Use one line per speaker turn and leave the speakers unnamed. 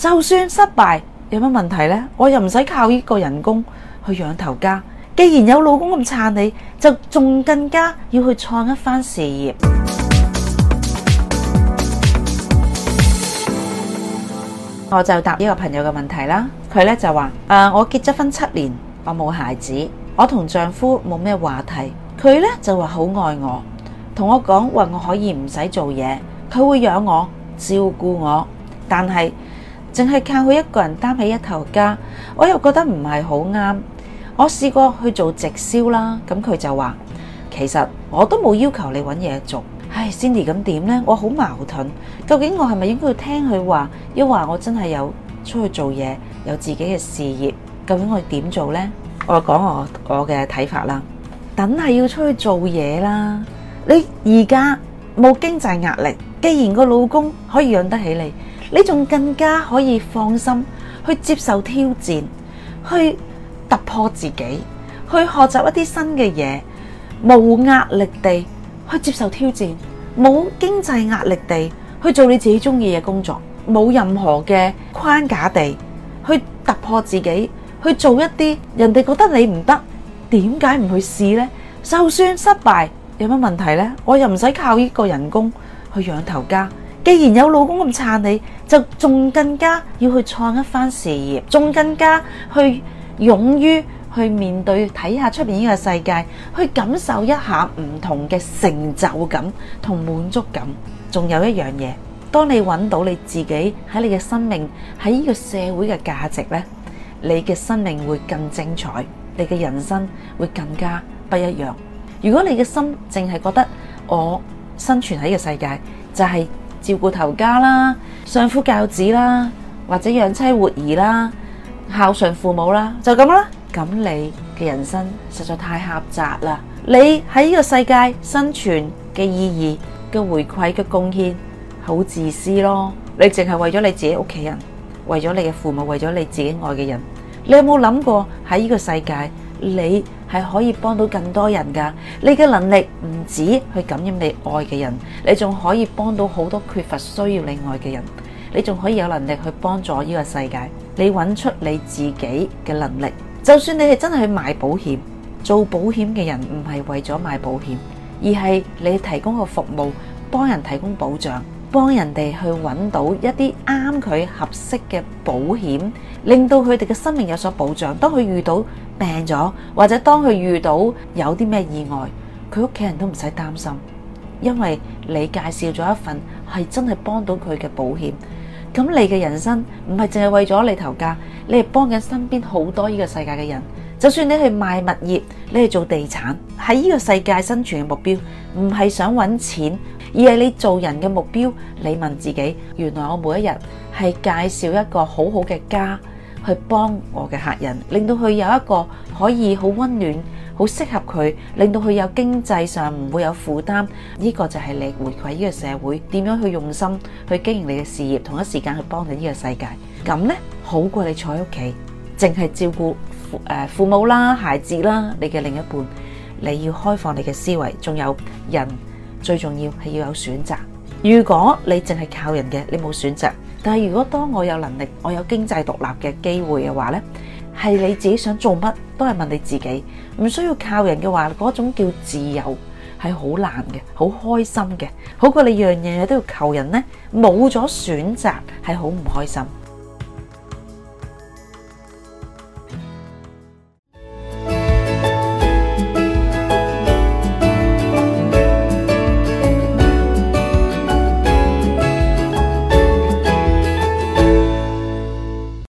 就算失敗有乜問題呢？我又唔使靠呢個人工去養頭家。既然有老公咁撐你，就仲更加要去創一番事業。 我就答呢個朋友嘅問題啦。佢咧就話：誒、呃，我結咗婚七年，我冇孩子，我同丈夫冇咩話題。佢咧就話好愛我，同我講話我可以唔使做嘢，佢會養我照顧我，但係，淨係靠佢一個人擔起一頭家，我又覺得唔係好啱。我試過去做直銷啦，咁佢就話：其實我都冇要求你揾嘢做。唉，Cindy，咁點呢？我好矛盾，究竟我係咪應該要聽佢話？要話我真係有出去做嘢，有自己嘅事業？究竟我點做呢？我講我我嘅睇法啦，梗係要出去做嘢啦。你而家冇經濟壓力，既然個老公可以養得起你。你仲更加可以放心去接受挑戰，去突破自己，去學習一啲新嘅嘢，冇壓力地去接受挑戰，冇經濟壓力地去做你自己中意嘅工作，冇任何嘅框架地去突破自己，去做一啲人哋覺得你唔得，點解唔去試呢？就算失敗，有乜問題呢？我又唔使靠呢個人工去養頭家。既然有老公咁撐你，就仲更加要去創一番事業，仲更加去勇於去面對睇，下出邊呢個世界，去感受一下唔同嘅成就感同滿足感。仲有一樣嘢，當你揾到你自己喺你嘅生命喺呢個社會嘅價值咧，你嘅生命會更精彩，你嘅人生會更加不一樣。如果你嘅心淨係覺得我生存喺個世界就係、是。照顧頭家啦，相夫教子啦，或者養妻活兒啦，孝順父母啦，就咁啦。咁你嘅人生實在太狹窄啦。你喺呢個世界生存嘅意義嘅回饋嘅貢獻好自私咯。你淨係為咗你自己屋企人，為咗你嘅父母，為咗你自己愛嘅人。你有冇諗過喺呢個世界你？係可以幫到更多人㗎，你嘅能力唔止去感染你愛嘅人，你仲可以幫到好多缺乏需要你愛嘅人，你仲可以有能力去幫助呢個世界。你揾出你自己嘅能力，就算你係真係去賣保險，做保險嘅人唔係為咗賣保險，而係你提供個服務，幫人提供保障。幫人哋去搵到一啲啱佢合適嘅保險，令到佢哋嘅生命有所保障。當佢遇到病咗，或者當佢遇到有啲咩意外，佢屋企人都唔使擔心，因為你介紹咗一份係真係幫到佢嘅保險。咁你嘅人生唔係淨係為咗你頭家，你係幫緊身邊好多呢個世界嘅人。就算你去賣物業，你去做地產，喺呢個世界生存嘅目標，唔係想搵錢。而係你做人嘅目標，你問自己，原來我每一日係介紹一個好好嘅家去幫我嘅客人，令到佢有一個可以好溫暖、好適合佢，令到佢有經濟上唔會有負擔。呢個就係你回饋呢個社會，點樣去用心去經營你嘅事業，同一時間去幫你呢個世界，咁呢，好過你坐喺屋企，淨係照顧誒父母啦、孩子啦、你嘅另一半，你要開放你嘅思維，仲有人。最重要係要有選擇。如果你淨係靠人嘅，你冇選擇。但係如果當我有能力，我有經濟獨立嘅機會嘅話呢，係你自己想做乜都係問你自己，唔需要靠人嘅話，嗰種叫自由，係好難嘅，好開心嘅，好過你樣樣嘢都要求人呢，冇咗選擇係好唔開心。